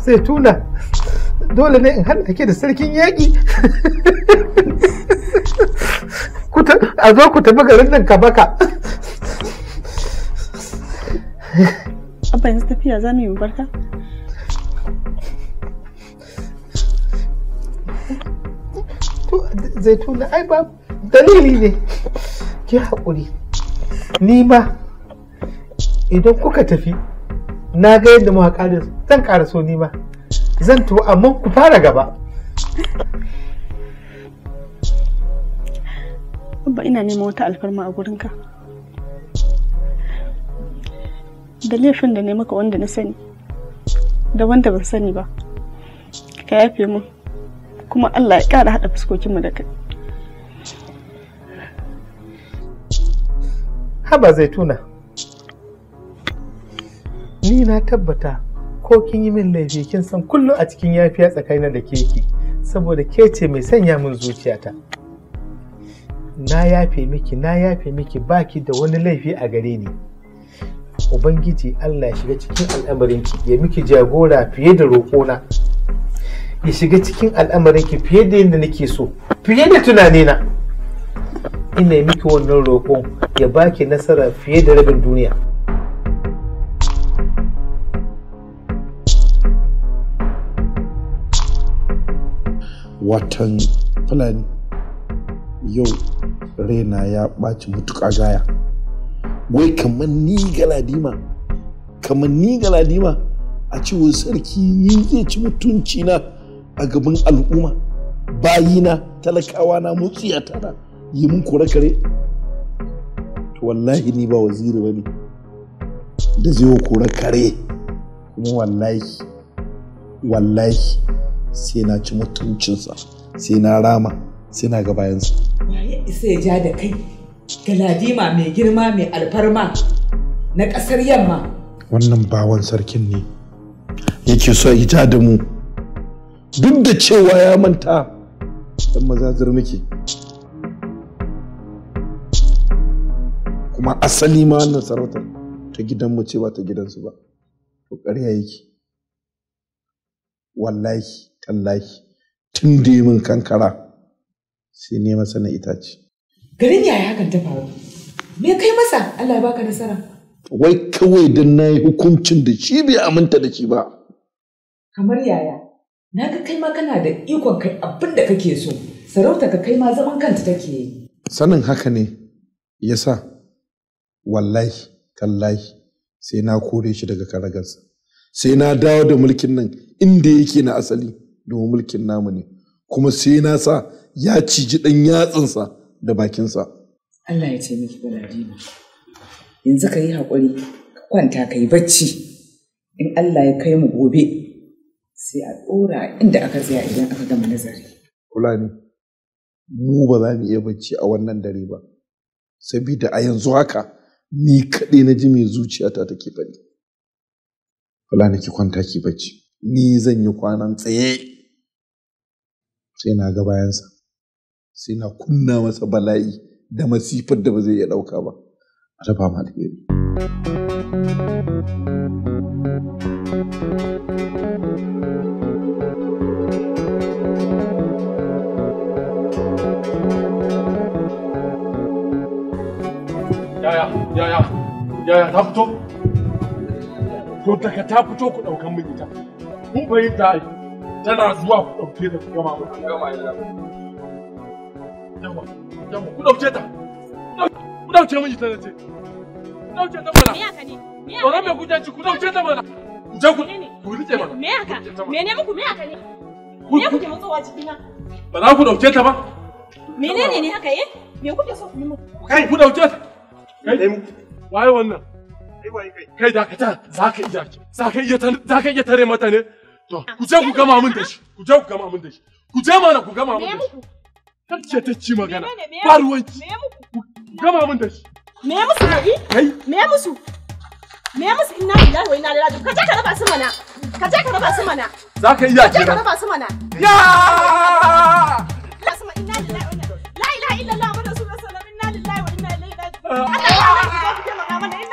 sai tuna dole ne in haɗa ke da sarkin yaƙi a zo ku tafi garin nan ka baka abba tafiya za mu yi barka zaituna ai ba dalili ne ki haƙuri ni ma idan kuka tafi na ga yadda mu kare zan ƙara so ni ma zan tuwo amma ku fara gaba Abba ina neman wata alfarma a gurinka. Da laifin da ne maka wanda na sani, da wanda ban sani ba, ka yafe mu, kuma Allah ya ƙara haɗa fuskokinmu da kai. Haba zaituna. ni na tabbata ko kin yi min laifi kin san kullum a cikin yafiya tsakanina da keke saboda ke ce mai sanya min zuciyata na yafe miki na yafe miki baki da wani laifi a gare ni ubangiji allah ya shiga cikin al'amarinki ya miki jagora fiye da roƙona ya shiga cikin al'amarinki fiye da yadda nake so fiye da tunanina ina miki wannan roƙon ya baki nasara fiye da rabin duniya watan fulani yau raina ya ɓaci mutuƙa gaya wai kamar ni galadima kamar ni galadima a cewa sarki ni zai ci mutunci na a gaban al'umma na talakawa na mutsiya tana yi mun kore kare to wallahi ni ba waziri bane da zai kore kare kuma wallahi wallahi sai na ci mutuncinsa sai na rama sai na ga bayansa sai ya ja da kai ga ladima mai girma mai alfarma na ƙasar yamma wannan bawan sarkin ne yake so ya ja da mu duk da cewa ya manta dan mazazir muke kuma asali ma wannan sarautar ta gidanmu ce ba ta gidansu ba to ƙarya yake wallahi tallahi tun da min kankara sai ne masa na itace garin yaya hakan ta faru me kai masa Allah ya baka nasara wai kawai na yi hukuncin da shi bai aminta da shi ba kamar yaya na ga kai ma kana da ikon kai abin da kake so sarauta ka kai ma zaman kanta take yi sanin haka ne yasa wallahi tallahi sai na kore shi daga karagarsa sai na dawo da mulkin nan inda yake na asali domin mulkin namu ne kuma sai na sa ya ciji ɗan yatsansa da bakinsa. Allah ya taimaki Baladima. Yanzu ka yi haƙuri, ka kwanta ka yi bacci. In Allah ya kai mu gobe, sai a ɗora inda aka tsaya idan aka gama nazari. Kula ne, mu ba za mu iya bacci a wannan dare ba, sabida a yanzu haka ni kaɗai na ji mai zuciyata take fari. wala ki kwanta ki bacci ni zan yi kwanan tsaye sai na ga bayansa sai na kunna masa bala'i da masifar da ba zai iya ɗauka ba a dafa ma alheri Yaya, yaya, yaya ta fito? to daga ta fito ku ɗaukan min ita kun fahimta ai tana zuwa ku ɗauke ta ku gama mu gama ina yawa yawa ku ɗauke ta ku ɗauke min ta nace ku ɗauke ta mana me haka ne me ne ku ta je ku ku rike me me ne muku me ne kuke ba za ku ta ba menene ne haka eh me kuke so ku yi muku kai ku ta kai wannan Kai dakata za ka iya za ka iya za ka iya tare mata ne? To ku je ku gama min da shi ku je ku gama min da shi ku je mana ku gama min da shi. Kar ce ta ci magana ba ruwanki ku gama min da shi. Me musu kai? Kai? Me musu? Me musu inna lillahi wa inna ilaihi ka je ka raba su mana. Ka je ka raba su mana. Za ka iya kenan. Ka je ka raba su mana. Ya! La inna lillahi wa inna ilaihi. La ilaha illallah wa rasulullah sallallahu alaihi wa inna ilaihi raji'un. Ah.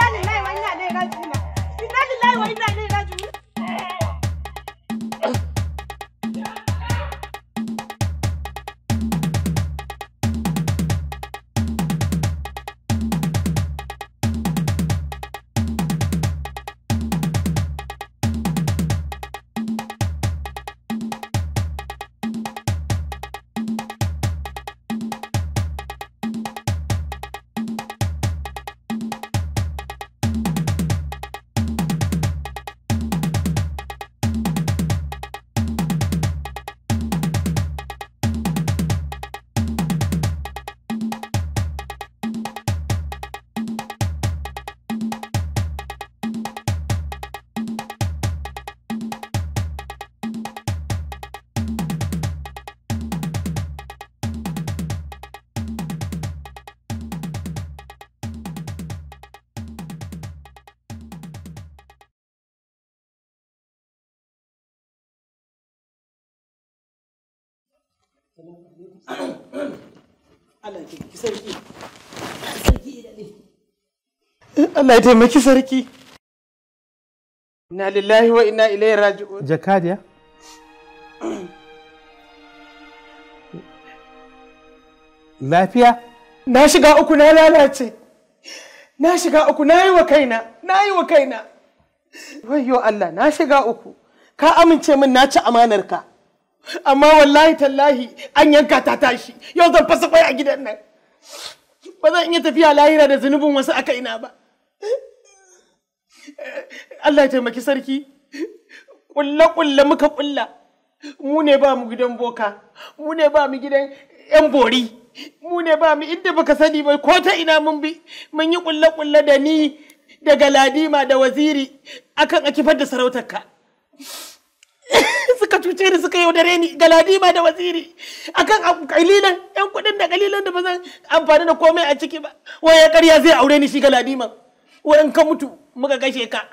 Allah ki sarki sarki Allah ya taimaki sarki Na lillahi wa ina ilaihi raji'un Jakadiya Lafiya na shiga uku na lalace na shiga uku na yi wa kaina na yi wa kaina Wayyo Allah na shiga uku ka amince min na ci amanar ka. amma wallahi tallahi an yanka ta tashi yau zan fasa kwai a gidan nan ba zan iya tafiya lahira da zunubin wasu aka ina ba Allah ya taimaki sarki kulla kulla muka kulla mu ne ba mu gidan boka mu ne ba mu gidan yan bori mu ne ba mu inda baka sani ba ko ta ina mun bi mun yi kulla kulla da ni da galadima da waziri akan akifar da da ka. cuce da suka yaudare ni galadima da waziri akan kalilan yan kuɗin da kalilan da ba zan amfani da komai a ciki ba ya karya zai aure ni shi galadima ladima ka mutu muka gashe ka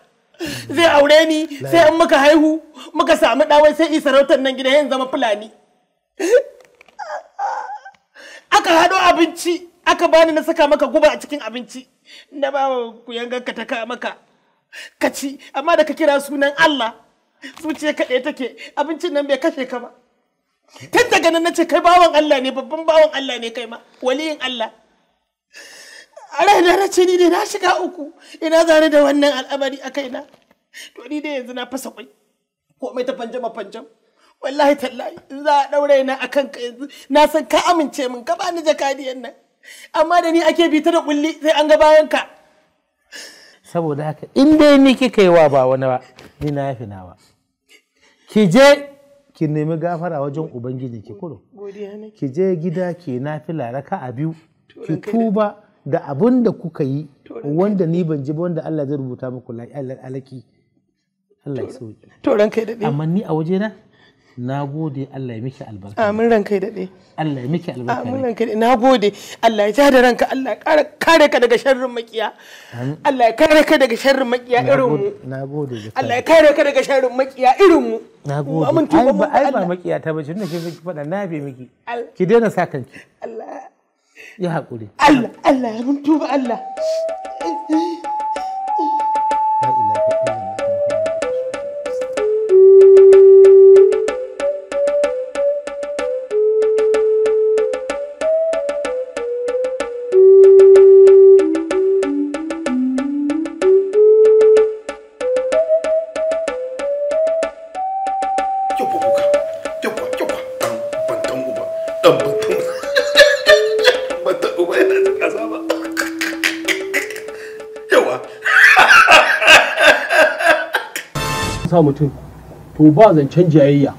zai aure ni sai in muka haihu muka samu ɗawai sai isa sarautar nan gida yin zama fulani aka hado abinci aka bani na saka maka guba a cikin abinci na ba ku yanganka ta taka maka ka ci amma da ka kira sunan Allah zuciya kaɗai take abincin nan bai kashe ka ba tun daga nan ce kai bawan Allah ne babban bawan Allah ne kai ma waliyin Allah a raina na ce ni ne na shiga uku ina zare da wannan al'amari a kaina to ni dai yanzu na fasa kwai mai ta fanjama fanjam wallahi tallahi in za a ɗaure na a ka yanzu na san ka amince min ka bani jakadiyan nan amma da ni ake bi ta da kulli sai an ga bayan ka saboda haka in dai ni kika yi wa ba wani ba ni na yafi nawa ki je ki nemi gafara wajen ubangiji ki kuro ki je gida ki fi laraka a biyu ki tuba da abin da kuka yi wanda ni ban ji ba wanda Allah zai rubuta muku alaki Allah ya sauki to dade amma ni a na na gode Allah ya miki albarka amin ranka daɗe Allah ya miki albarka amin ranka daɗe na gode Allah ya ja da ranka Allah ya kare ka daga sharrin makiya Allah ya kare ka daga sharrin makiya irin mu na gode Allah ya kare ka daga sharrin makiya irin mu na gode ai ba ai ba makiya ta bace ne ke miki faɗa na be miki ki daina sa kanki Allah ya hakuri. Allah Allah ya mun tuba Allah sa mutum to ba zancen jayayya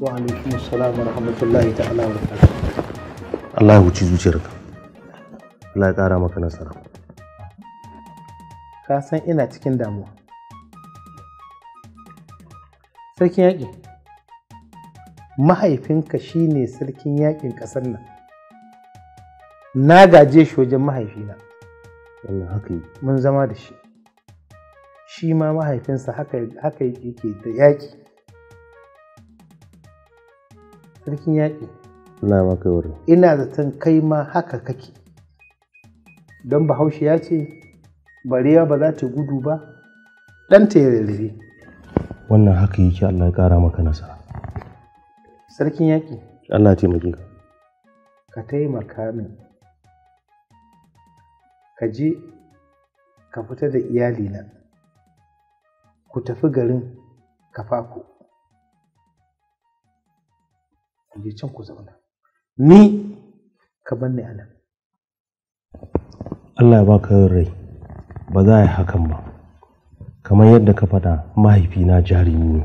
wa alaikum assalam rahmatullahi Allah ya huci zuciyarka Allah ya ƙara maka nasara ka san ina cikin damuwa sarkin yaƙi mahaifinka ne sarkin yaƙin ƙasar nan na gaje shi wajen mahaifina wannan haka yi mun zama da shi shi ma mahaifinsa haka yake da yaƙi sarkin yaƙi na maka wurin ina zaton kai ma haka kake don bahaushe ya ce Bariya ba za ta gudu ba ɗan ta yi wannan haka yake Allah ya ƙara maka nasara sarkin yaƙi Allah taimake ka ka taimaka min ka je ka fita da iyalina ku tafi garin ku. ku je can ku zauna ni ka bar ni anan Allah ya baka yin rai ba za a yi hakan ba kamar yadda ka faɗa mahaifina jarumi ne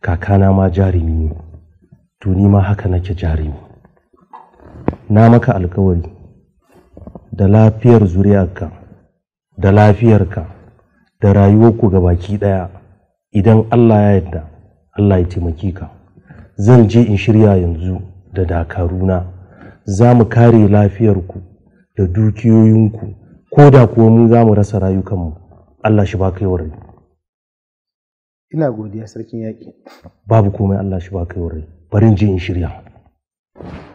kakana ma jarumi ne to ni ma haka nake jarumi na maka alkawari da lafiyar zuriyarka da lafiyarka da rayuwarku ga baki ɗaya idan Allah ya yarda Allah ya taimake ka zan je in shirya yanzu da dakaruna za mu kare lafiyarku da dukiyoyinku ko da kuwa mu za mu rasa rayukanmu Allah shi ba kai rai. Ina godiya sarkin yaƙi. Babu komai Allah shi ba kai rai. Barin je in shirya.